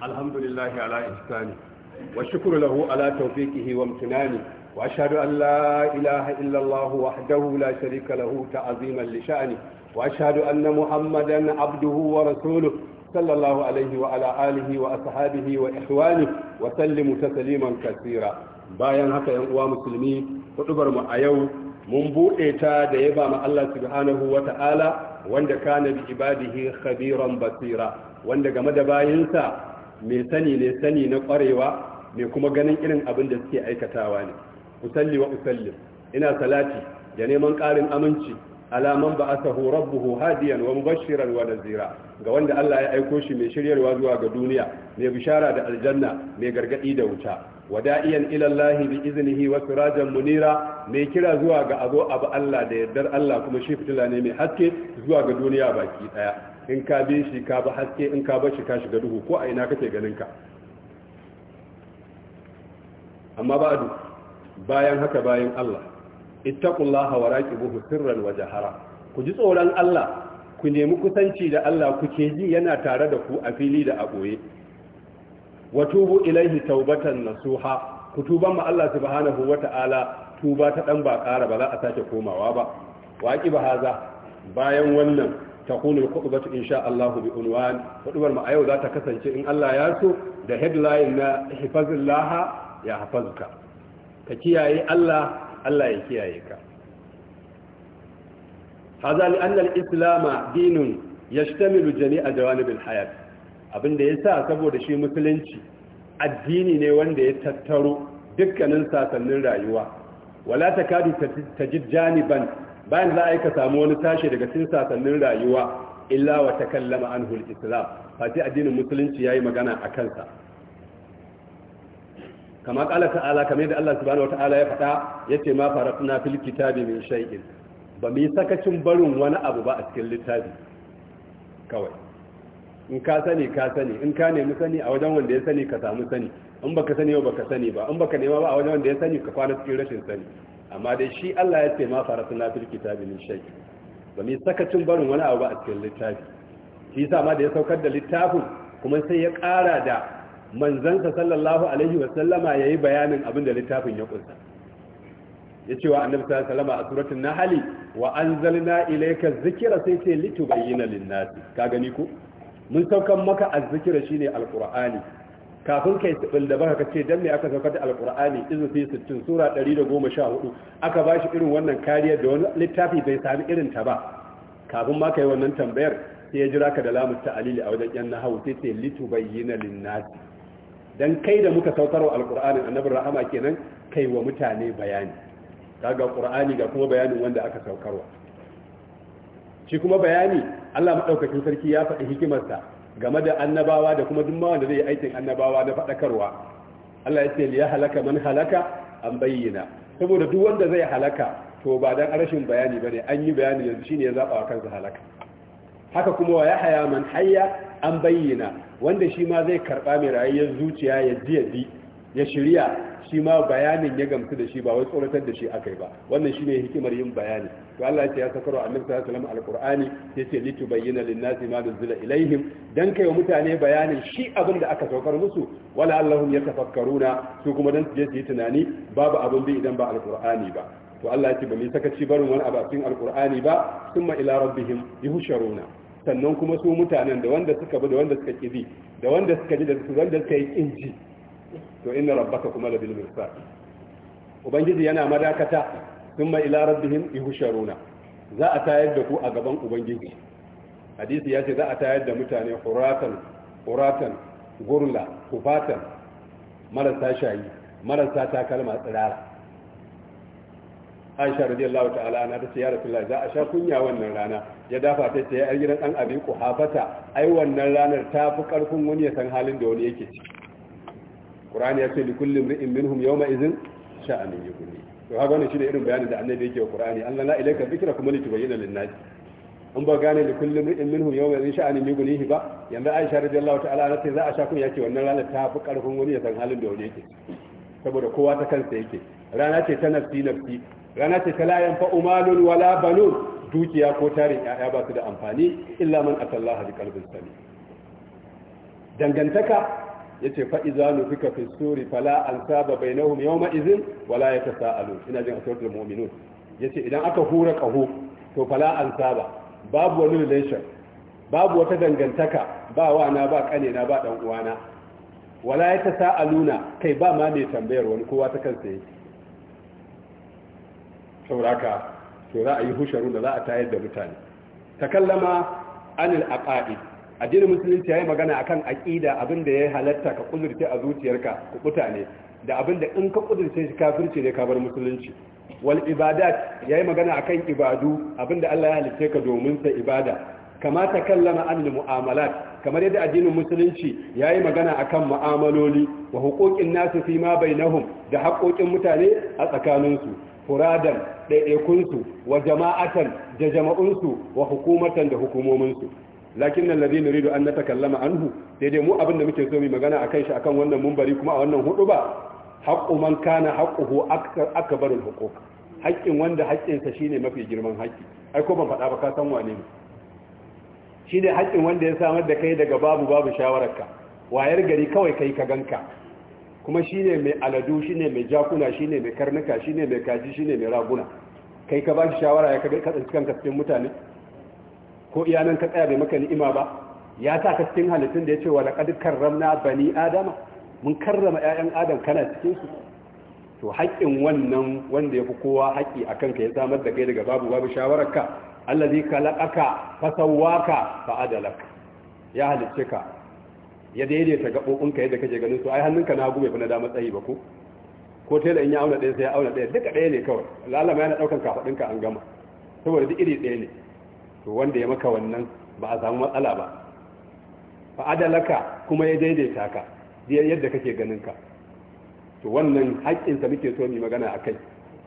alhamdulillahi ala ihsani wa shukru lahu ala tawfiqihi wa imtinani wa ashhadu an la ilaha illa Allah wahdahu la sharika lahu ta'ziman li sha'ni wa ashhadu anna Muhammadan abduhu wa rasuluhu sallallahu alaihi wa ala alihi wa ashabihi wa ihwani wa sallimu tasliman kaseera bayan haka yan uwa musulmi hudubar mu a yau mun buɗe ta da yaba ma Allah subhanahu wa ta'ala wanda kana bi ibadihi khabiran basira wanda game da bayinsa mai sani ne sani na kwarewa mai kuma ganin irin abin da suke aikatawa ne usalli wa usalli ina salati da neman ƙarin aminci alaman ba asahu rabbuhu hadiyan wa mubashiran wa nazira ga wanda Allah ya aiko shi mai shiryarwa zuwa ga duniya mai bishara da aljanna mai gargaɗi da wuta wada'iyan ila Allah bi iznihi wa sirajan munira mai kira zuwa ga azo abu Allah da yardar Allah kuma shi fitila ne mai haske zuwa ga duniya baki ɗaya. in ka bi shi ka bi haske in ka bar shi ka shiga duhu ko a ina kake ganin ka amma du bayan haka bayan Allah ittaqullaha wa raqibuhu sirran wa jahara ku ji tsoron Allah ku nemi kusanci da Allah ku ke ji yana tare da ku a fili da a boye wa tubu ilaihi taubatan nasuha ku tuba ma Allah subhanahu wata'ala tuba ta dan ba ƙara ba za a sake komawa ba waqi ba haza bayan wannan ta kuni kuɗuba in sha Allah bi unwani kuɗubar ma a yau za ta kasance in Allah ya so da headline na hifazin ya hafazu ka kiyaye Allah Allah ya kiyaye ka haza li an al islama dinun yashtamilu jami'a da al hayat Abinda ya sa saboda shi musulunci addini ne wanda ya tattaro dukkanin sasannin rayuwa wala takadu tajid janiban bayan za a yi ka samu wani tashi daga cikin sasannin rayuwa illa wa takallama anhu al-islam fati addinin musulunci yayi magana a kansa kama kala ta'ala kamar da Allah subhanahu wata'ala ya faɗa yace ma faratna fil kitabi min shay'in ba mu yi sakacin barin wani abu ba a cikin littafi kawai in ka sani ka sani in ka nemi sani a wajen wanda ya sani ka samu sani in baka sani ba baka sani ba in baka nema ba a wajen wanda ya sani ka kwana cikin rashin sani amma dai shi Allah ya ce ma farasuna fil kitabi min shay ba mai sakacin barin wani abu a cikin littafi shi yasa ma da ya saukar da littafin kuma sai ya ƙara da manzansa sallallahu alaihi wa sallama yayi bayanin abin da littafin ya kunsa ce wa annabi sallallahu alaihi wa sallama a suratul nahali wa anzalna ilayka dhikra sai ce litubayyana lin-nas ka gani ko mun saukan maka azzikira shine alqur'ani kafin kai tsibil da baka ce dan me aka saukar da alqur'ani izu fi 60 sura 114 aka bashi irin wannan kariya da wani littafi bai sami irin ta ba kafin ma kai wannan tambayar sai ya jira ka da lamu talili a wajen yan nahawu sai sai litubayyana lin-nas dan kai da muka saukarwa alqur'ani annabi rahama kenan kai wa mutane bayani kaga qur'ani ga kuma bayanin wanda aka saukarwa shi kuma bayani Allah madaukakin sarki ya faɗi hikimarsa game da annabawa da kuma duk wanda zai yi aikin annabawa na faɗakarwa Allah ya ce ya halaka man halaka an bayyana saboda duk wanda zai halaka to ba dan rashin bayani bane an yi bayani yanzu shine ya zaba kansa halaka haka kuma wa yahya man hayya an bayyana wanda shi ma zai karba mai rayuwar zuciya ya ji ya ya shirya shi ma bayanin ya gamsu da shi ba wai tsoratar da shi akai ba wannan shine hikimar yin bayani to Allah ya ce ya sakarwa annabi sallallahu alaihi wasallam alqur'ani yace litubayyana lin-nasi ma nuzila ilaihim dan kai wa mutane bayanin shi abin da aka saukar musu wala allahum yatafakkaruna su kuma dan su je su yi tunani babu abin bi idan ba alqur'ani ba to Allah ya ce ba mu ci barin wani abu cikin alqur'ani ba thumma ila rabbihim yuhsharuna sannan kuma su mutanen da wanda suka bi da wanda suka kibi da wanda suka ji da wanda suka yi kinji to inna rabbaka kuma labil mirsad ubangiji yana madakata thumma ila rabbihim yuhsharuna za a tayar da ku a gaban ubangiji hadisi ya ce za a tayar da mutane quratan quratan gurla kufatan marasa shayi marasa takalma tsirara aisha radiyallahu ta'ala ana ta ce ya rasulullah za a sha kunya wannan rana ya dafa ta ce ya gidan dan abin kuhafata ai wannan ranar ta fi karfin wani ya san halin da wani yake ciki qur'ani ya ce li kulli imrin minhum yawma idhin sha'anun yughni to haka wannan shine irin bayanin da annabi yake wa qur'ani Allah la ilaika dhikra kuma li tubayyana lin nas an ba gane li kulli imrin minhum yawma idhin sha'anun yughnihi ba yanda Aisha radiyallahu ta'ala ta sai za a sha kun yake wannan rana ta fi karfin wani ya san halin da wani yake saboda kowa ta kansa yake rana ce ta nafsi nafsi rana ce ta la yanfa'u malun wala banun dukiya ko tarin ƴaƴa ba su da amfani illa man atallaha bi qalbin salim dangantaka yace fa idza nufika fi suri fala ansaba bainahum yawma idhin wala ya ta yatasaalu ina jin da asuratul ya ce idan aka hura qahu to fala ansaba babu wani relation babu wata dangantaka ba wana ba kane na ba ɗan uwana wala ya ta yatasaaluna kai ba ma ne tambayar wani kowa ta kansa yake sauraka to za a yi husharun da za a tayar da mutane takallama anil aqaid addinin musulunci yayi magana akan aqida abin da ya halatta ka kudurce a zuciyarka ku mutane da abin da in ka kudurce shi kafirce ne ka bar musulunci wal ibadat yi magana akan ibadu abin da Allah ya halitta ka domin sa ibada kama ta kallama an mu'amalat kamar yadda addinin musulunci ya yi magana akan mu'amaloli wa hukukin nasu fi ma bainahum da haƙoƙin mutane a tsakaninsu furadan ɗaiɗaikunsu wa jama'atan da jama'unsu wa hukumatan da hukumominsu lakin allazi Rido an natakallama anhu daidai mu abin da muke so mu magana akan shi akan wannan munbari kuma a wannan hudu ba haqqu man kana haqquhu akbarul huquq haƙƙin wanda haƙƙinsa shine mafi girman haƙƙi ai ko ban faɗa ba ka san wane ne shine haƙƙin wanda ya samar da kai daga babu babu shawararka wayar gari kawai kai ka ganka kuma shine mai aladu shine mai jakuna shine mai karnuka shine mai kaji shine mai raguna kai ka ba shi shawara ya ka kanka cikin mutane ko iyanan ka tsaya bai maka ni'ima ba ya sa ka cikin halittun da ya ce wa laqad karramna bani adama mun karrama ƴaƴan adam kana cikin su to haƙƙin wannan wanda ya fi kowa haƙƙi a kanka ya samar da kai daga babu babu shawararka allazi khalaqaka fasawwaka adalak ya halicce ka ya daidaita gaɓoɓinka yadda kake ganin su ai hannunka na hagu bai fi na dama tsayi ba ko ko tela in ya auna ɗaya sai ya auna ɗaya duka ɗaya ne kawai lalama yana ɗaukan kafaɗinka an gama saboda duk iri ɗaya ne to wanda ya maka wannan ba a samu matsala ba fa adalaka kuma ya daidaita ka yadda kake ganin ka to wannan haƙƙinsa muke so mu magana akai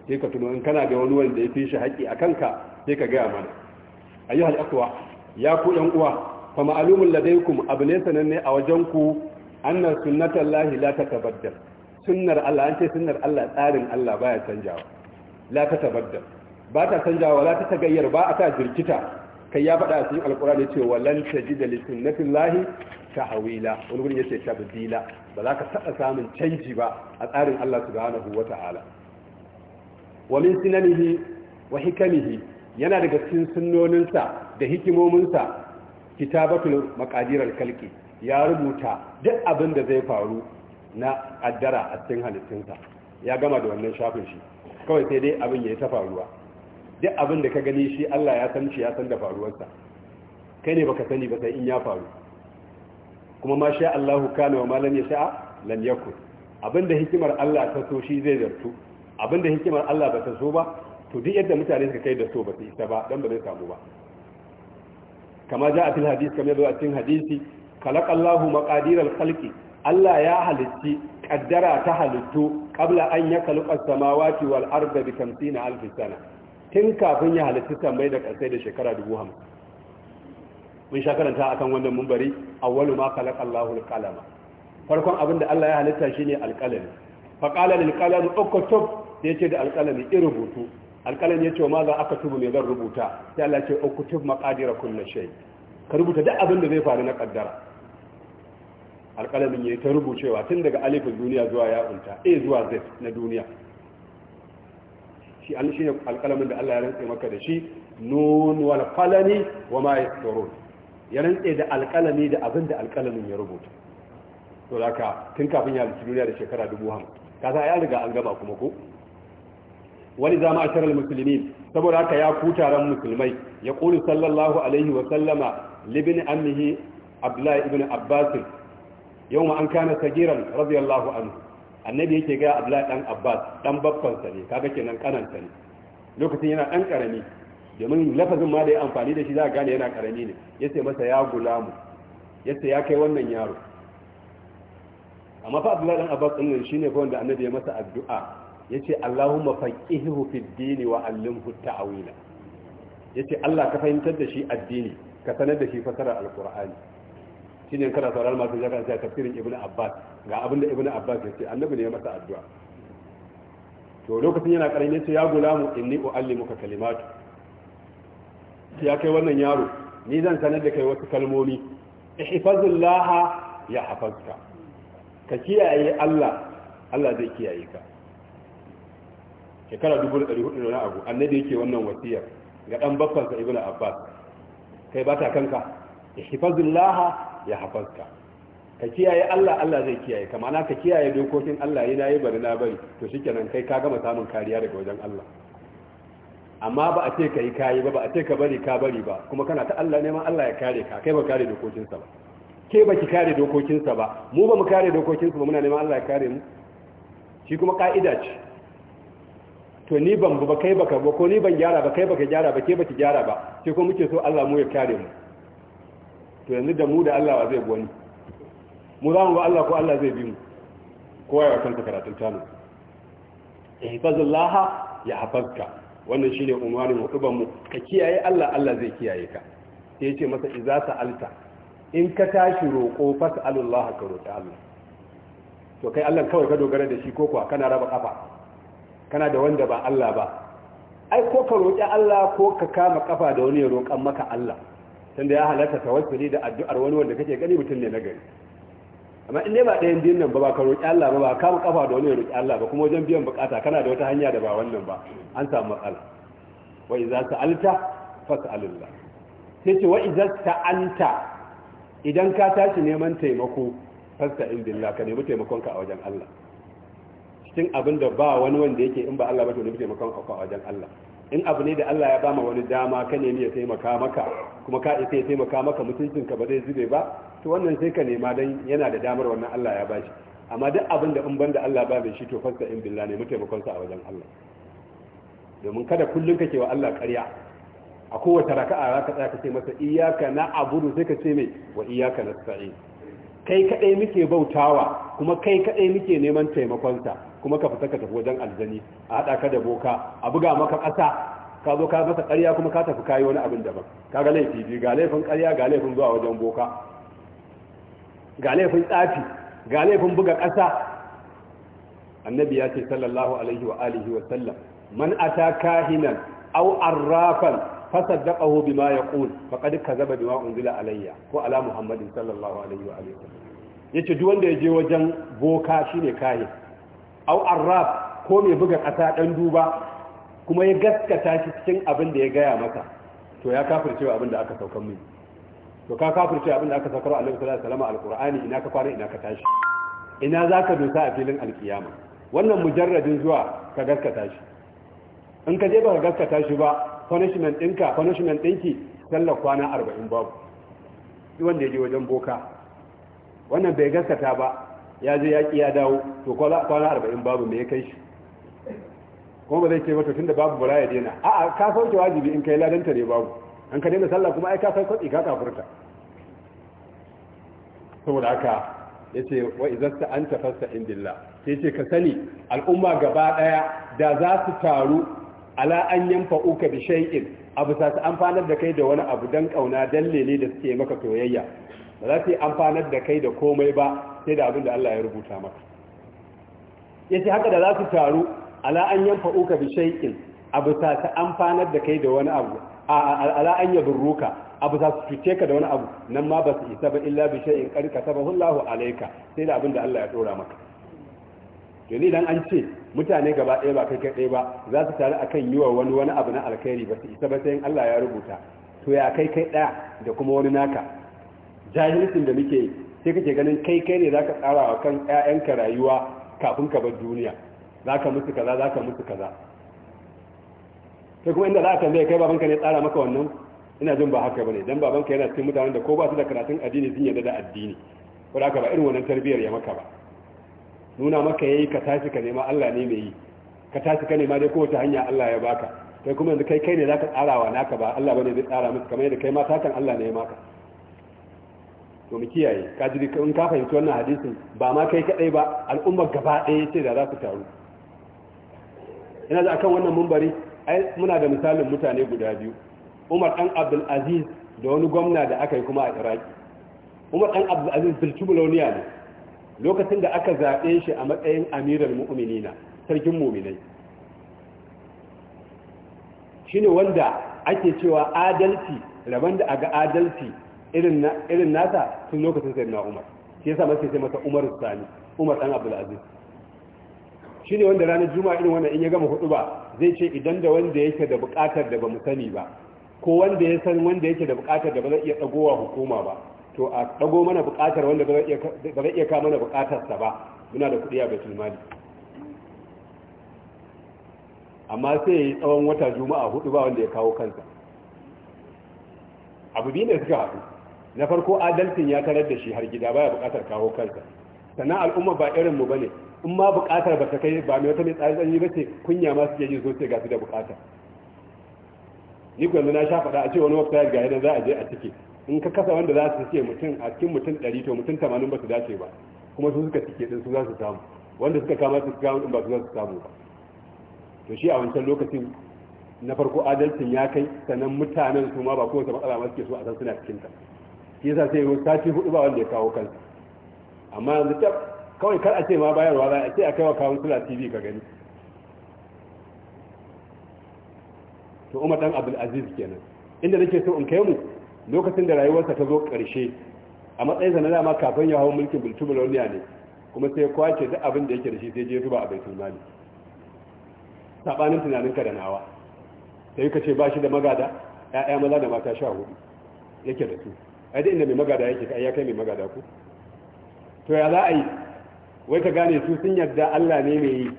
sai ka tuno in kana da wani wanda ya fi shi haƙƙi a kanka sai ka gaya mana ayyuhal akwa ya ku ɗan uwa fa ma'alumul ladaykum abu ne sananne a wajen ku annas sunnatullahi la tatabaddal sunnar Allah an ce sunnar Allah tsarin Allah baya canjawa la tatabaddal ba ta canjawa la ta tagayyar ba a ta jirkita kai ya faɗa a cikin alkurani cewa na tajida lahi ta hawila wani ce ta bidila ba za ka taɓa samun canji ba a tsarin Allah subhanahu wata'ala wa min sinanihi wa hikamihi yana daga cikin sunnoninsa da hikimominsa kitabatul maqadir al kalki ya rubuta duk abin da zai faru na addara a cikin halittunsa ya gama da wannan shafin shi kawai sai dai abin ya yi ta faruwa duk abin da ka gani shi Allah ya san shi ya san da faruwarsa kai ne baka sani ba sai in ya faru kuma ma sha Allahu kana wa malam ya sha'a lam yakun abinda hikimar Allah ta so shi zai zartu abinda hikimar Allah ba ta so ba to duk yadda mutane suka kai da so ba su isa ba dan ba zai samu ba kama ja a fil hadisi kamar da a cikin hadisi khalaqallahu maqadir al-khalqi Allah ya halitti kaddara ta halittu qabla an yakhluqa as-samawati wal arda bi 50000 sana tun kafin ya halittu tambayi da kansai da shekara dubu hamsin mun sha karanta kan wannan mumbari awwalu ma khalaqa Allahu kalama, farkon abin da Allah ya halitta shi ne alkalami faƙalar qala lil da ya ce yace da al in rubutu al ya ce ma za aka tubu mai zan rubuta sai Allah ce uktub maqadira kullum shai ka rubuta duk abin da zai faru na kaddara alkalamin ya yayi ta rubucewa tun daga alifin duniya zuwa ya'unta a zuwa z na duniya shi an shi ne alƙalamin da Allah ya rantse maka da shi nun wal qalami wa ma yasturun ya rantse da alƙalami da abin da alƙalamin ya rubuta to haka tun kafin ya halitta duniya da shekara 50 kaza ya riga an gaba kuma ko wani zama ashar al-muslimin saboda haka ya kutaran musulmai ya qulu sallallahu alaihi wa sallama libin ammihi abdullah ibn abbas yawma an kana sagiran radiyallahu anhu annabi yake ga abdullahi dan abbas dan babbansa ne kaga kenan kananta ne lokacin yana dan karami domin lafazin ma da ya amfani da shi za a gane yana karami ne yace masa ya gulamu yace ya kai wannan yaro amma fa abdullahi dan abbas din nan shine fa wanda annabi ya masa addu'a yace allahumma faqihhu fid dini wa allimhu ta'wila yace allah ka fahimtar da shi addini ka sanar da shi fasara alqur'ani shine kana sauraron masu jaka sai tafsirin ibnu abbas ga abinda ibnu abbas ya ce annabi ne ya masa addu'a to lokacin yana karin yace ya gulamu inni uallimuka kalimatu ya kai wannan yaro ni zan sanar da kai wasu kalmomi ihfazullaha ya hafazka ka kiyaye Allah Allah zai kiyaye ka shekara 1400 na abu annabi yake wannan wasiyar ga dan bakkansa ibnu abbas kai ba ta kanka ihfazullaha ya hafazka ka kiyaye Allah Allah zai kiyaye ka ma'ana ka kiyaye dokokin Allah yana yi bari na bari to shi kenan kai ka gama samun kariya daga wajen Allah amma ba a ce ka yi kayi ba ba a ce ka bari ka bari ba kuma kana ta Allah neman Allah ya kare ka kai ba kare dokokinsa ba ke ba ki kare dokokinsa ba mu ba mu kare dokokinsa ba muna neman Allah ya kare mu shi kuma ka'ida ce to ni ban ba kai baka ba ko ni ban gyara ba kai baka gyara ba ke baki gyara ba sai kuma muke so Allah mu ya kare mu to yanzu da mu da Allah wa zai wani mu za mu ga Allah ko Allah zai bi mu kowa ya kanta karatun tanu Laha ya hafazka wannan shine umarin hutuban mu ka kiyaye Allah Allah zai kiyaye ka sai yace masa idza sa'alta in ka tashi roƙo fas'alullah ka roki Allah to kai Allah kawai ka dogara da shi ko kuwa kana raba kafa kana da wanda ba Allah ba ai ko ka roƙi Allah ko ka kama kafa da wani ya roƙan maka Allah tunda ya halatta tawassuli da addu'ar wani wanda kake gani mutum ne na gari amma in dai ba ɗayan biyun nan ba ba ka roƙi Allah ba ba ka kafa da wani ya roƙi Allah ba kuma wajen biyan bukata kana da wata hanya da ba wannan ba an samu matsala wa idza sa'alta fas'alillah sai ce wa idza sa'anta idan ka tashi neman taimako fasta'in billah ka nemi taimakon ka a wajen Allah cikin abin da ba wani wanda yake in ba Allah ba to nemi taimakon ka a wajen Allah in abu ne da Allah ya ba ma wani dama ka nemi ya taimaka maka kuma ka ita ya taimaka maka mutuncin ka ba zai zube ba to wannan sai ka nema dan yana da damar wannan Allah ya bashi amma duk abin da in banda Allah ba mai shi to fasta in billah ne mutaimakon sa a wajen Allah domin kada kullun kake wa Allah ƙarya a kowace raka'a za ka tsaya ka ce masa iyyaka na'budu sai ka ce mai wa iyyaka nasta'in kai kadai muke bautawa kuma kai kadai muke neman taimakon sa kuma ka fita ka tafi wajen aljani a haɗa ka da boka a buga maka ƙasa ka zo ka masa ƙarya kuma ka tafi kayi wani abin daban ka ga laifi biyu ga laifin ƙarya ga laifin zuwa wajen boka ga laifin tsafi ga laifin buga ƙasa annabi ya ce sallallahu alaihi wa alihi wa sallam man ata kahinan aw arrafan fasaddaqahu bima yaqul faqad kazaba bima unzila alayya ko ala muhammadin sallallahu alaihi wa alihi wa sallam yace duk wanda ya je wajen boka shine kahin au arrab ko mai buga ƙasa ɗan duba kuma ya gaskata shi cikin abin da ya gaya maka to ya cewa abin da aka saukan mai to ka cewa abin da aka saukar Allah sallallahu alaihi wasallam alqur'ani ina ka kwana ina ka tashi ina zaka dosa a filin alkiyama wannan mujarradin zuwa ka gaskata shi in ka je ba ka gaskata shi ba punishment ɗinka punishment ɗinki sallar kwana arba'in babu wanda ya je wajen boka wannan bai gaskata ba ya je yaƙi ya dawo to kwana arba'in babu me ya kai shi kuma ba zai ce mata tunda babu bara ya daina a'a ka sauke wajibi in kai ladanta ne babu an ka dena sallah kuma ai ka sai kwatsi ka kafurta saboda haka ce wa izasta tafasta in dilla sai ce ka sani al'umma gaba daya da za su taru ala an yanfa uka bi shay'in abu sa su amfanar da kai da wani abu dan kauna dan lele da suke maka soyayya ba za su yi amfanar da kai da komai ba sai da abin da Allah ya rubuta maka ya ce haka da za su taru ala an yanfa uka bi shaikin abu ta ta amfanar da kai da wani abu ala an yabin burruka abu za su fice ka da wani abu nan ma ba su isa ba illa bi shaikin karka ta Hullahu alaika sai da abin da Allah ya dora maka yanzu idan an ce mutane gaba ɗaya ba kai kaɗai ba za su taru akan yi wa wani wani abu na alkhairi ba su isa ba sai Allah ya rubuta to ya kai kai ɗaya da kuma wani naka jahilcin da muke sai kake ganin kai kai ne za ka tsara wa kan 'ya'yanka rayuwa kafin ka bar duniya za ka musu kaza ka musu kaza sai kuma inda za ka zai kai babanka ne tsara maka wannan ina jin ba haka bane dan babanka yana cikin mutanen da ko ba su da karatun addini sun yarda da addini ko da haka ba irin wannan tarbiyyar ya maka ba nuna maka yayi ka tashi ka nema Allah ne mai yi ka tashi ka nema dai kowace hanya Allah ya baka sai kuma yanzu kai kai ne za ka tsara wa naka ba Allah bane zai tsara musu kamar yadda kai ma takan Allah ne ya maka to mu kiyaye kajiri in ka fahimci wannan hadisin ba ma kai kadai ba al'umma gaba ɗaya ce da za su taru ina da akan wannan mumbari ai muna da misalin mutane guda biyu Umar dan Abdul Aziz da wani gwamna da aka yi kuma a Iraki Umar dan Abdul Aziz bilkibulauniya ne lokacin da aka zaɓe shi a matsayin amiral mu'minina sarkin mu'minai shine wanda ake cewa adalci rabon da aga adalci irin nasa tun lokacin sai na umar shi yasa mace sai masa umar sani umar dan abu aziz shi ne wanda ranar juma'a irin wannan in ya gama hudu ba zai ce idan da wanda yake da bukatar da ba mu sani ba ko wanda ya san wanda yake da bukatar da ba zai iya dagowa hukuma ba to a dago mana bukatar wanda ba zai iya kawo mana sa ba muna da kuɗi a baitul mali amma sai ya yi tsawon wata juma'a hudu ba wanda ya kawo kansa abu biyu ne suka haɗu na farko adalcin ya tarar da shi har gida baya bukatar kawo kansa sannan al'umma ba irin mu bane in ma bukatar ba ta kai ba mai wata mai tsari tsanyi ba ce kunya ma suke yi zo ce ga su da bukata ni ku yanzu na sha faɗa a ce wani wata ga yadda za a je a ciki in ka kasa wanda za su ce mutum a cikin mutum ɗari to mutum tamanin ba su dace ba kuma su suka cike din su za su samu wanda suka kama su kama din ba su za su samu ba to shi a wancan lokacin na farko adalcin ya kai sannan mutanen su ma ba kowace matsala ma suke so a san suna cikin ta shi yasa sai sati hudu ba wanda ya kawo kansa amma yanzu ta kawai kar a ce ma bayarwa za a ce a wa kawun kula tv ka gani to umar dan abu'l aziz kenan inda nake so in kai mu lokacin da rayuwarsa ta zo karshe a matsayin sa na dama kafin ya hau mulkin bultubuloniya ne kuma sai kwace duk abin da yake da shi sai je zuba a baitul mali sabanin tunaninka da nawa sai ka ce ba shi da magada ya'ya maza da mata sha hudu yake da su ai da inda mai magada yake ka, ya kai mai magada ku to ya za a yi wai ka gane su sun yarda Allah ne mai yi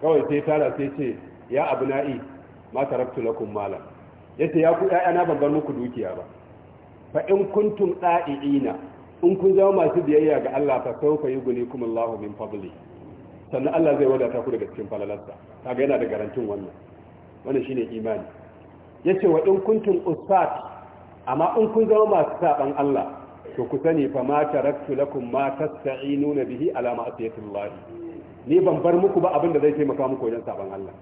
kawai sai tara sai ce ya abu na'i ma tarabtu lakum mala yace ya ku ƴaƴana ban bar muku dukiya ba fa in kuntum da'iina in kun zama masu biyayya ga Allah fa sawfa yughnikum Allahu min fadli sannan Allah zai wadata ku daga cikin falalarsa kaga yana da garantin wannan wannan shine imani yace wa in kuntum usat amma in kun zama masu saban Allah to ku sani fa ma taraktu lakum ma tasta'inuna bihi ala Allah ni ban bar muku ba abin da zai taimaka muku wajen saban Allah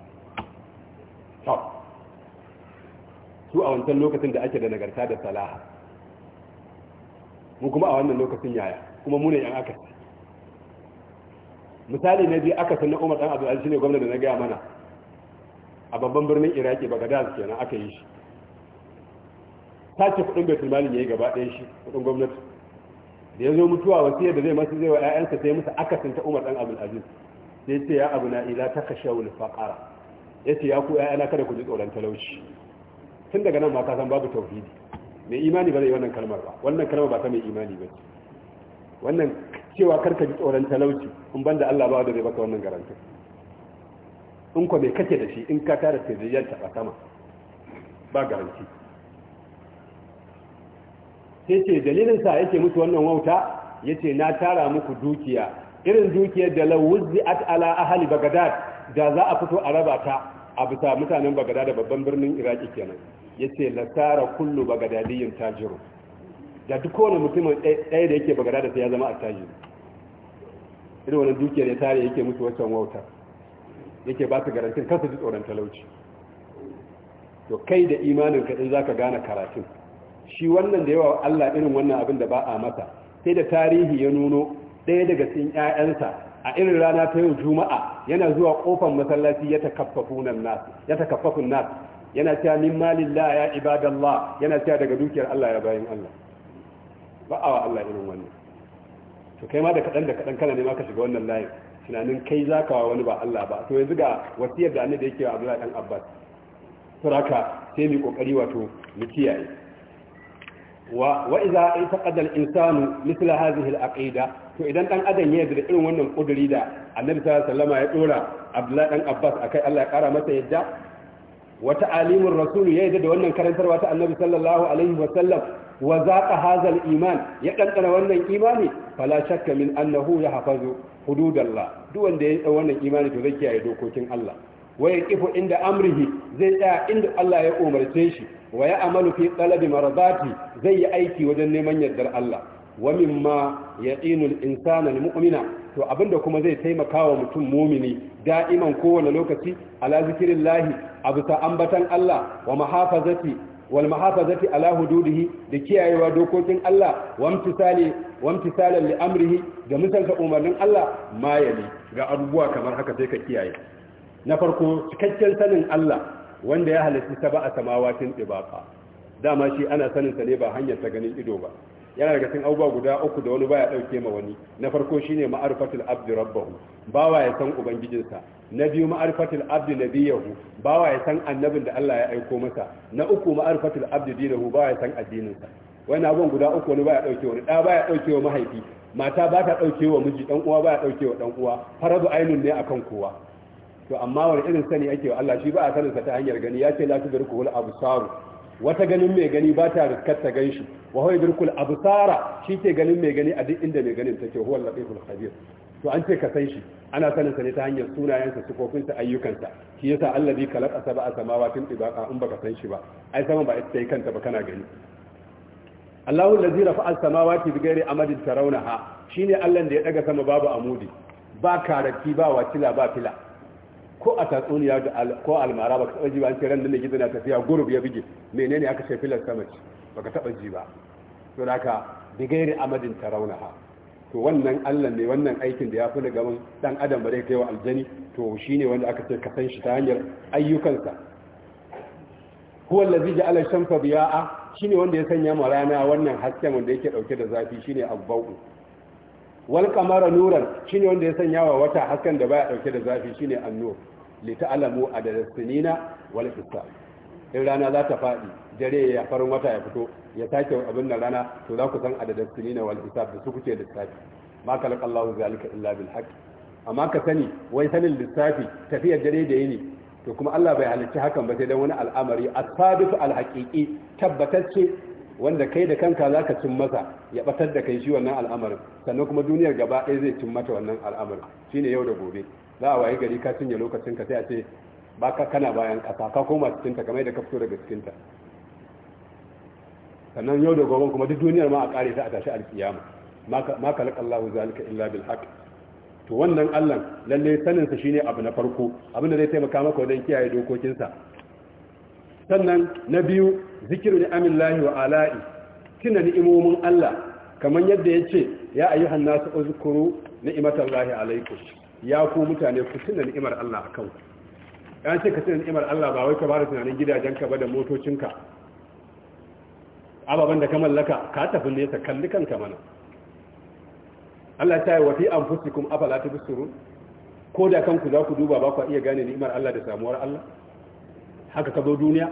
to su a wancan lokacin da ake da nagarta da salaha mu kuma a wannan lokacin yaya kuma mu ne yan aka misali na biyu aka sanna Umar dan Abdul Aziz shine gwamnati da na gaya mana a babban birnin Iraki Baghdad kenan aka yi shi sake kudin baitul ya yi gaba ɗaya shi kudin gwamnati da ya zo mutuwa wasu da zai masu zai wa ƴaƴansa sai musu akasin ta Umar dan abin Aziz sai ce ya abu na ila kashe wani faƙara ya ku 'yayana kada ku ji tsoron talauci tun daga nan ma san babu tauhidi mai imani ba zai wannan kalmar ba wannan kalmar ba ta mai imani ba wannan cewa karka ji tsoron talauci in ban da Allah ba da zai baka wannan garantin in kwa mai kake da shi in ka tara sirriyar ta sama ba garanti sai ce dalilin sa yake mutu wannan wauta yace na tara muku dukiya irin dukiyar da lawuzi'at ala ahli bagdad da za a fito a raba ta a bisa mutanen bagdad da babban birnin iraki kenan yace la tara kullu bagadadiyin tajiru da duk wani mutumin ɗaya da yake bagada sai ya zama attajiri irin wani dukiyar ya tare yake musu waccan wauta yake ba su garantin kansu ji tsoron talauci to kai da imanin ka in zaka gane karatun shi wannan da yawa Allah irin wannan abin da ba a mata, sai da tarihi ya nuno ɗaya daga cikin ƴaƴansa a irin rana ta yau juma'a yana zuwa kofar masallaci ya takaffafu nan nas ya takaffafu nas yana cewa min malillah ya ibadallah yana cewa daga dukiyar Allah ya bayin Allah ba a wa Allah irin wannan to kai ma da kadan da kadan kana ne ma ka shiga wannan layin tunanin kai zaka wa wani ba Allah ba to yanzu ga wasiyar da annabi yake wa Abdullahi dan Abbas saraka sai mu kokari wato mu kiyaye وإذا اعتقد الإنسان مثل هذه العقيدة فإذا أن أدن يدري إن ونن قدري دا النبي صلى الله عليه وسلم يقول عبد الله بن عباس أكي الله يقرأ متى يدى وتعاليم الرسول يدد ونن كرنتر وتع النبي صلى الله عليه وسلم وذاق هذا الإيمان يقنقن ونن إيماني فلا شك من أنه يحفظ حدود الله دون دي ونن إيماني تذكي أيدوكوكين الله wa yaqifu inda amrihi zai tsaya inda Allah ya umarce shi wa ya amalu fi talabi maradati zai yi aiki wajen neman yardar Allah wa mimma yaqinul insana almu'mina to abinda kuma zai taimaka wa mutum mumini da'iman kowane lokaci ala zikrillahi abusa ambatan Allah wa mahafazati wal mahafazati ala hududihi da kiyayewa dokokin Allah wa imtisali wa imtisalan li amrihi da misalta umarnin Allah ma yali ga abubuwa kamar haka sai ka kiyaye na farko cikakken sanin Allah wanda ya halitta ta ba a samawatin ibaka dama shi ana sanin sa ne ba hanyar ta ganin ido ba yana daga cikin abubuwa guda uku da wani baya dauke ma wani na farko shine ma'arifatul abdi rabbahu bawa ya san ubangijinsa na biyu ma'arifatul abdi nabiyahu bawa ya san annabin da Allah ya aiko masa na uku ma'arifatul abdi dinahu bawa ya san addininsa wannan abun guda uku wani baya dauke wani da baya dauke wa mahaifi mata ba ta dauke wa miji dan uwa baya dauke wa dan uwa faradu ainun ne akan kowa to amma wani irin sani ake wa Allah shi ba a sanin ta hanyar gani ya ce la tudriku Abu absar wata ganin mai gani ba ta riskar ta ganshi wa huwa Abu Sara shi ke ganin mai gani a duk inda mai ganin take huwa latiful khabir to an ce ka san shi ana saninsa ne ta hanyar sunayensa sukofinsa ayyukansa shi yasa allazi samawa sab'a samawatin tibaqa in baka san shi ba ai sama ba ita yi kanta ba kana gani Allahu allazi rafa'a samawati bighairi amadin tarawunaha shine Allah da ya daga sama babu amudi ba karaki ba wakila ba fila ko a tatsuniya da ko almara baka taba ji ba an ce ran nan gizo na tafiya gurub ya bige menene aka ce filar sama ba baka taba ji ba to haka bigairi amadin tarawunaha to wannan Allah ne wannan aikin da ya fi daga mun dan adam bare kai wa aljani to shine wanda aka ce ka san shi ta hanyar ayyukansa huwa allazi ja'ala shamsa diya'a shine wanda ya sanya mu rana wannan hasken wanda yake dauke da zafi shine abbau wal qamara nuran shine wanda ya sanya wa wata hasken da baya dauke da zafi shine annur li a da sinina wal hisab in rana za ta faɗi dare ya farin wata ya fito ya sake abin da rana to za ku san adadin sinina wal hisab da su kuke lissafi ma kalaka Allahu zalika illa bil haqq amma ka sani wai sanin lissafi tafiyar dare da yini to kuma Allah bai halicci hakan ba sai dan wani al'amari a sadiq al-haqiqi tabbatacce wanda kai da kanka zaka cin masa ya batar da kai shi wannan al'amarin sannan kuma duniyar gaba ɗaya zai cin mata wannan al'amarin shine yau da gobe za a waye gari ka ya lokacin ka sai a ce ba ka kana bayan kasa ka koma cikin ta kamar da ka fito daga cikin ta sannan yau da gobe kuma duk duniyar ma a kare ta a tashi alkiyama ma laƙa Allahu zalika illa bil haqq to wannan Allah lalle sanin sa shine abu na farko abin da zai taimaka maka wajen kiyaye dokokin sa sannan na biyu zikiru ni amillahi wa ala'i tuna ni'imomin Allah kamar yadda yace ya ayyuhan nasu uzkuru ni'matallahi alaikum ya ku mutane ku tuna ni'imar Allah a kanku yan ce ka tuna ni'imar Allah ba wai ka bada tunanin gidajenka ba da motocinka ababen da ka mallaka ka tafi ne nesa kalli kanka mana Allah ta yi wa fi anfusikum afala tubsirun ko da kanku za ku duba ba ku iya gane ni'imar Allah da samuwar Allah haka ka zo duniya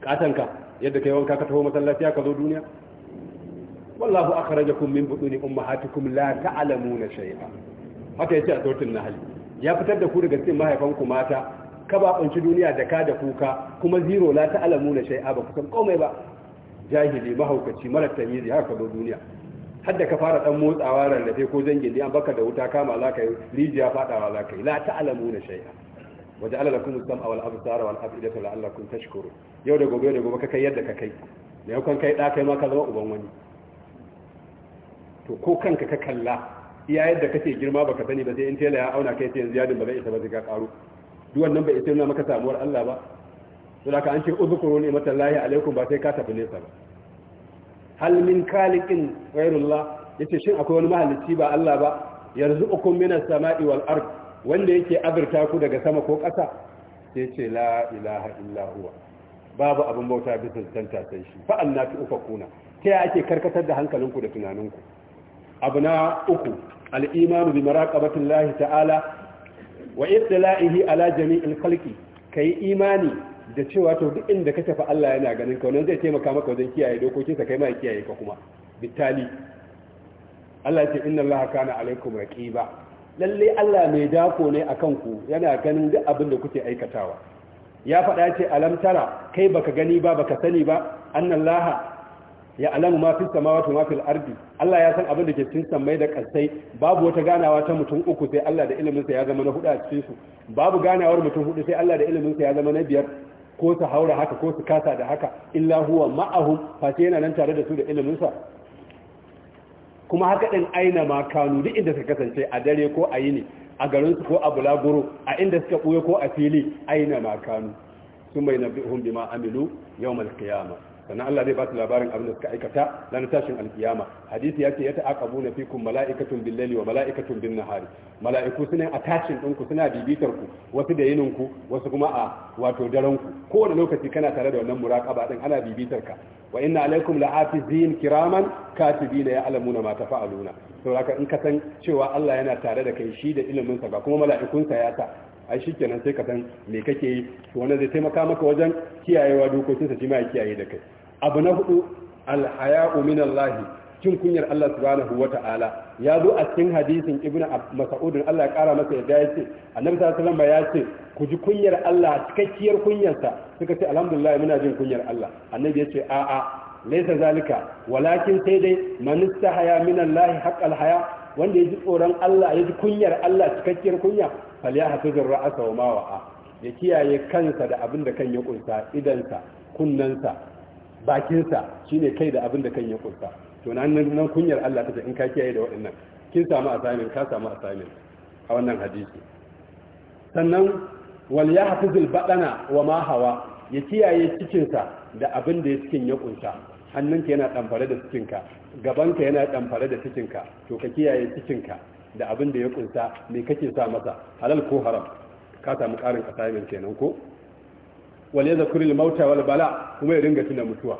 katanka yadda kai wanka ka taho masallaci ka zo duniya wallahu akhrajakum min butuni ummahatikum la ta'lamuna shay'a haka ya ce a sautin na hali ya fitar da ku daga cikin mahaifanku mata ka ba kunci duniya da ka da kuka kuma zero la ta alamu na shay'a ba kusan komai ba jahili mahaukaci mara tamizi haka do duniya har da ka fara dan motsawa ran rarrafe ko zangin an baka da wuta kama za ka yi rijiya fadawa za ka yi la alamu na shay'a waja'ala lakum as-sam'a wal absara wal af'idata la'allakum tashkuru yau da gobe da gobe ka kai yadda ka kai da yau kan kai da kai ma ka zama uban wani to ko kanka ka kalla iya yadda kake girma baka sani ba sai in tela ya auna kai sai yanzu ba zai isa ba zai ka karu duk wannan bai isa maka samuwar Allah ba to da ka an ce uzkuru ni matallahi alaikum ba sai ka tafi nesa ba hal min khaliqin ghayrullah yace shin akwai wani mahalicci ba Allah ba yarzuqukum minas sama'i wal ard wanda yake azurta ku daga sama ko ƙasa sai ce la ilaha illa huwa babu abin bauta bisa tantance shi fa annatu ufakuna ta ake karkatar da hankalinku da tunaninku abu na uku al'imanu bi maraqabatin lahi ta'ala wa ibtila'ihi ala jami'il ka yi imani da cewa to duk inda ka tafi Allah yana ganin ka zai taimaka maka wajen kiyaye dokokinsa kai ma kiyaye ka kuma bitali Allah ya ce inna Allah kana alaikum raqiba lalle Allah mai dako ne akan ku yana ganin duk abin da kuke aikatawa ya faɗa ce alam tara kai baka gani ba baka sani ba annallaha ya alamu ma fis samawati ma ardi Allah ya san abin da ke cikin samai da kasai babu wata ganawa ta mutum uku sai Allah da ilimin sa ya zama na hudu a cikin su babu ganawar mutum hudu sai Allah da ilimin sa ya zama na biyar ko su haura haka ko su kasa da haka illa huwa ma'ahum sai yana nan tare da su da ilimin sa kuma haka din aina ma kanu duk inda suka kasance a dare ko a yini a garin su ko a bulaguro a inda suka buya ko a fili aina ma kanu sun bai nabi'uhum bima amilu yawmal qiyamah sannan Allah zai ba su labarin abin da suka aikata ranar tashin alkiyama hadisi ya ce ya ta'aqabu na fikum mala'ikatun bil laili wa mala'ikatun bin nahari mala'iku suna a tashin ɗinku suna bibitar ku wasu da yinin ku wasu kuma a wato daren ku kowane lokaci kana tare da wannan muraqaba din ana bibitar ka wa inna alaikum lahafizin kiraman katibina ya'lamuna ma tafa'aluna saboda in ka san cewa Allah yana tare da kai shi da ilimin sa ga kuma sa ya ta ai shi kenan sai ka san me kake yi to wanda zai taimaka maka wajen kiyayewa dokokinsa shi ma ya kiyaye da kai abu na hudu alhaya'u min Allah kunyar Allah subhanahu wata'ala ya zo a cikin hadisin ibnu mas'ud Allah ya kara masa yadda ya ce annabi sallallahu alaihi ya ce ku ji kunyar Allah cikakkiyar kunyarsa suka ce alhamdulillah muna jin kunyar Allah annabi ya ce a'a laisa zalika walakin sai dai man istahaya min Allah haqqal haya wanda ya ji tsoron Allah ya ji kunyar Allah cikakkiyar kunya falyahfazir ra'sa wa ma wa'a ya kiyaye kansa da abin da kan ya kunsa idansa kunnansa bakinsa ne kai da abin da kan ya kunsa to nan kunyar Allah ta in ka kiyaye da waɗannan kin samu assignment ka samu assignment a wannan hadisi sannan wal yahfizul badana wa ma hawa ya kiyaye cikinsa da abin da cikin ya kunsa hannunka yana damfare da cikinka gabanka yana damfare da cikinka to ka kiyaye cikin ka da abin da ya kusa me kake sa masa halal ko haram ka samu karin assignment kenan ko wal yadhkuru kuri limauta bala kuma ya ringa tuna mutuwa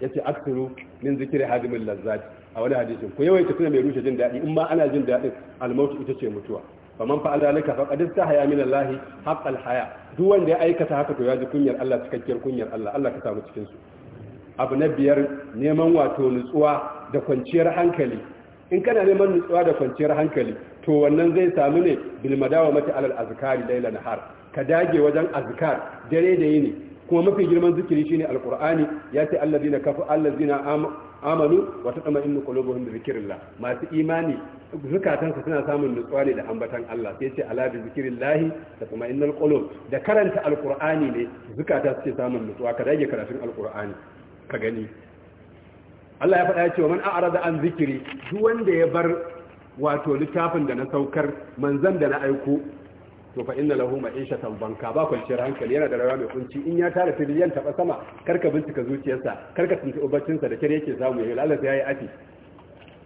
Ya ce aksuru min zikri hadimin lazzat a wani hadisun ku yawaita tafiya mai rushe jin daɗi in ma ana jin daɗin. al ita ce mutuwa Ba faman fa'ala ƙadis ta haya min Allah haqqal haya duk wanda ya aikata haka to ya ji kunyar Allah cikakkiyar kunyar Allah Allah ka samu cikinsu. abu na biyar neman wato nutsuwa da kwanciyar hankali in kana neman nutsuwa da kwanciyar hankali to wannan zai samu ne bilmadawa mace alal azkari laila nahar ka dage wajen azkar dare da yini kuma mafi girman zikiri shine alqur'ani ya ce allazina kafu allazina amanu wa tatma'innu qulubuhum bi zikrillah masu imani zukatansa suna samun nutsuwa ne da ambatan Allah sai ce ala bi zikrillah tatma'innul qulub da karanta alqur'ani ne zukata suke samun nutsuwa ka dage karatun alqur'ani ka gani Allah ya faɗa ya ce wa man a'rada an zikiri duk wanda ya bar wato littafin da na saukar manzan da na aiko to fa inna lahu ma'ishatan banka ba kwanciyar hankali yana da rawa mai kunci in ya tara filiyan taba sama karka bincika zuciyarsa karka tuntuɓi sa da kare yake samu yayi Allah ya yayi afi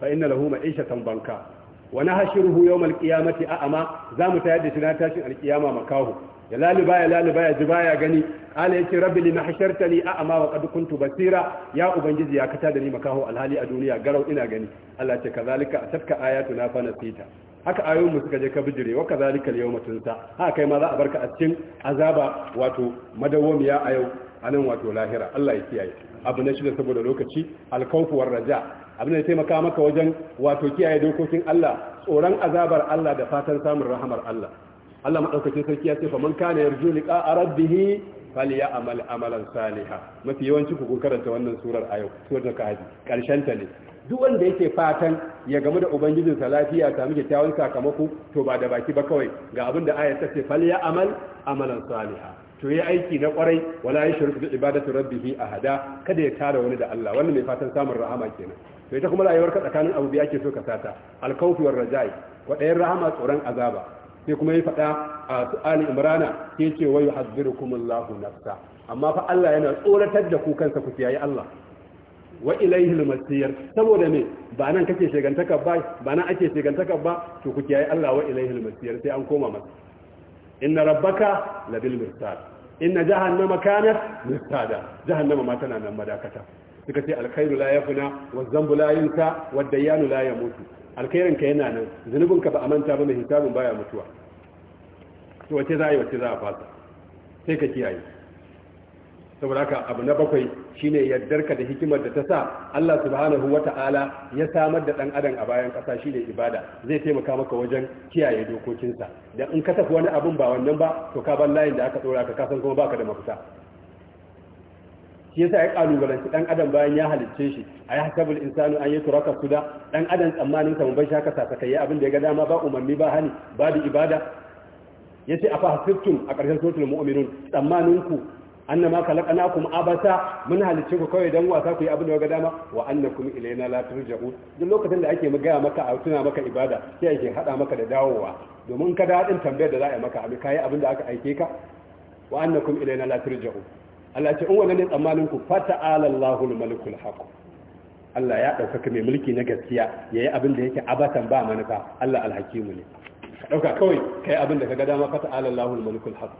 fa inna lahu ma'ishatan banka wa nahshuruhu yawm al-qiyamati a'ama zamu tayar da shi na tashin al-qiyama makahu ya laluba ya laluba ya ji baya gani ala yace rabbi lima hashartani a'ma wa qad kuntu basira ya ubangiji ya kata da ni makaho alhali a duniya garau ina gani Allah ce kazalika atatka ayatuna fa nasita haka ayoyin mu suka je ka bijire wa kazalika al-yawma tunsa haka kai ma za a barka a cikin azaba wato madawwamiya a yau anan wato lahira Allah ya kiyaye abu na shida saboda lokaci alkawfu war raja abin da ya taimaka maka wajen wato kiyaye dokokin Allah tsoron azabar Allah da fatan samun rahamar Allah Allah madaukakin sarki ya ce fa man kana yarju liqa rabbih amal, amalan Saliha. mafi yawanci ku kun karanta wannan surar ayo surar kahfi karshen ta ne duk wanda yake fatan ya gamu da ubangijinsa lafiya samu kyakkyawan sakamako to ba da baki ba kawai ga abin da ayat ta ce amal, amalan Saliha. to yi aiki na kwarai wala ya shirku da ibadatu rabbihi ahada kada ya tara wani da Allah wannan mai fatan samun rahama kenan to ita kuma rayuwar ka tsakanin abu biya ake so ka sata alkawfi war rajai rahama tsoron azaba sai kuma ya faɗa a su ali imrana ya ce wa yuhazzirukumullahu nafsa amma fa Allah yana tsoratar da ku kansa ku kiyaye Allah wa ilaihil masir saboda me ba nan kake shegantaka ba ba nan ake shegantaka ba to ku kiyaye Allah wa ilaihil masir sai an koma masa inna rabbaka labil mirsad inna jahannama kanat mirsada jahannama ma tana nan madakata suka ce alkhairu la yafna wa dhanbu la yunsa wa dayanu la yamutu alkhairin ka yana nan zunubin ka ba a manta ba mai hisabin baya mutuwa to wace za a yi wace za a fasa sai ka kiyaye saboda haka abu na bakwai shine yaddar ka da hikimar da ta sa Allah subhanahu wata'ala ya samar da dan adam a bayan kasa shine ibada zai taimaka maka wajen kiyaye dokokinsa dan in ka tafi wani abun ba wannan ba to ka bar layin da aka dora ka kasan kuma baka da mafita shi yasa ya kalubalanci dan adam bayan ya halicce shi a ya hasabul insanu an yatraka suda dan adam tsammanin sa mun bai shaka sasakai abin da ya ga dama ba umarni ba hani ba da ibada yace afa hasibtum a karshen suratul mu'minun tsammanin ku annama khalaqnakum abasa mun halicce ku kawai dan wasa ku yi abin da ya ga dama wa annakum ilaina la turja'un duk lokacin da ake magaya maka a tuna maka ibada sai ake hada maka da dawowa domin ka da hadin tambayar da za a yi maka abin kai abin da aka aike ka wa annakum ilaina la turja'un Allah ce in wannan ne tsammanin ku fata'ala malikul haq Allah ya ɗaukaka mai mulki na gaskiya yayi abin da yake abatan ba manufa Allah alhakimu ne ka ɗauka kawai kai abin da kaga dama fata'ala Allahul malikul haq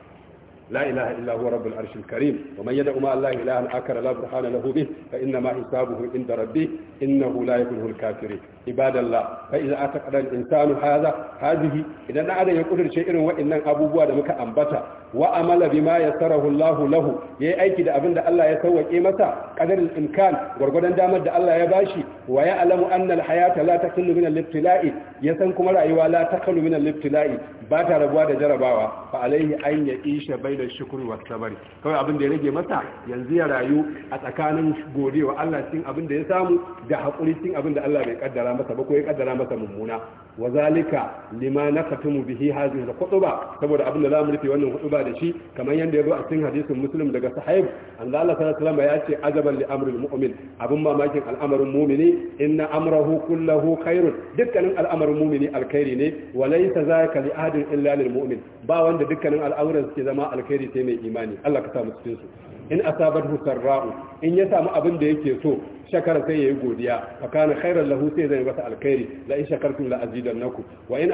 لا إله إلا هو رب العرش الكريم ومن يدع مع الله إلها آخر لا برهان له به فإنما حسابه عند ربه إنه لا يفلح الكافرين ibadallah fa idza ataqada al-insanu hadha hadhihi idan da adam ya kudirce irin waɗannan abubuwa da muka ambata wa amala bima yassarahu Allah lahu yayi aiki da abin da Allah ya sauke masa qadarul imkan gurgurdan damar da Allah ya bashi wa ya'lamu alamu al-hayata la takulu min al-ibtila'i yasan kuma rayuwa la takulu min al-ibtila'i ba ta rabuwa da jarabawa a alaihi an ya'isha baina shukri wa sabri kawai abin da ya rage masa yanzu ya rayu a tsakanin godewa Allah cikin abin da ya samu da hakuri cikin abin da Allah bai kaddara kaddara masa ba ko ya kaddara masa mummuna wa zalika lima nakatumu bihi hadhihi al-khutba saboda abin da zamu rufe wannan khutba da shi kamar yanda yazo a cikin hadisin muslim daga sahib annabi sallallahu alaihi ya ce ajaban li amril mu'min abin mamakin al'amarin mu'mini inna amrahu kullahu khairun dukkanin al'amarin mu'mini alkhairi ne wa laysa zaka li ahadin illa lil mu'min ba wanda dukkanin al'amuran suke zama alkhairi sai mai imani Allah ka sa mu cikin su in asabar sarra'u in ya samu abin da yake so shakar sai yayi godiya fa kana khairan lahu sai zai masa alkhairi la in shakartum la azidannakum wa in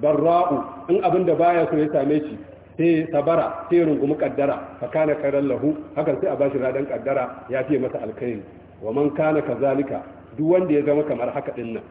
bar ra'u in abin da baya so ya same shi sai sabara sai rungumi kaddara fa kana khairan lahu hakan sai a bashi radan kaddara ya fiye masa alkhairi wa man kana kazalika duk wanda ya zama kamar haka dinnan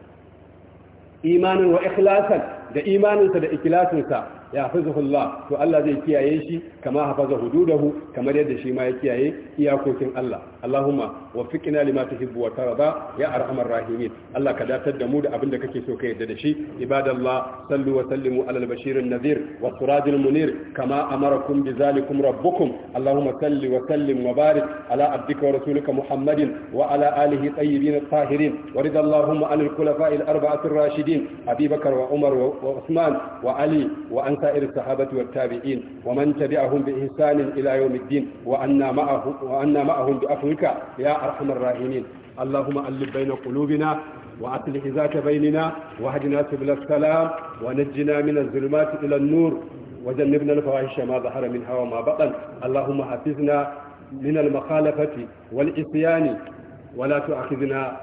imanin wa ikhlasan da imaninsa da ikhlasinsa ya hafizahullah to Allah zai kiyaye shi kama hafaza hududahu kamar yadda shi ma ya kiyaye iyakokin Allah Allahumma waffiqna lima tuhibbu wa tarda ya arhamar rahimin Allah ka datar da mu da abin da kake so ka yadda da shi ibadallah sallu wa sallimu ala al-bashir an-nadhir wa siraj al-munir kama amarakum bi zalikum rabbukum Allahumma salli wa sallim wa barik ala abdika wa rasulika Muhammadin wa ala alihi tayyibin at-tahirin wa rida Allahumma anil khulafa'i al-arba'ati ar-rashidin Abi Bakar wa Umar wa Uthman wa Ali wa an وسائر الصحابة والتابعين ومن تبعهم بإحسان إلى يوم الدين وأنا معهم, وأنا معهم بأفرك يا أرحم الراحمين اللهم ألف بين قلوبنا وأصلح ذات بيننا وهدنا سبل السلام ونجنا من الظلمات إلى النور وجنبنا الفواحش ما ظهر منها وما بطن اللهم حفظنا من المخالفة والعصيان ولا تؤاخذنا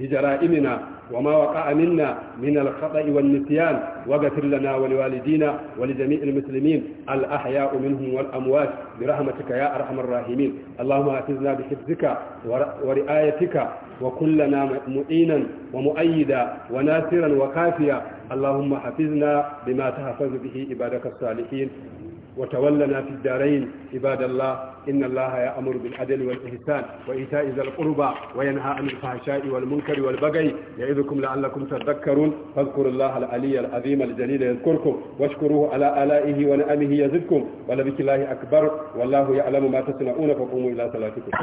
بجرائمنا وما وقع منا من الخطأ والنسيان واغفر لنا ولوالدينا ولجميع المسلمين الأحياء منهم والأموات برحمتك يا أرحم الراحمين اللهم أعتزنا بحفظك ورعايتك وكلنا معينا ومؤيدا وناصرا وكافيا اللهم حفظنا بما تحفظ به عبادك الصالحين وتولنا في الدارين عباد الله إن الله يأمر بالعدل والإحسان وإيتاء ذي القربى وينهى عن الفحشاء والمنكر والبغي يعظكم لعلكم تذكرون فاذكروا الله العلي العظيم الجليل يذكركم واشكروه على آلائه ونعمه يزدكم ولذكر الله أكبر والله يعلم ما تصنعون فقوموا إلى صلاتكم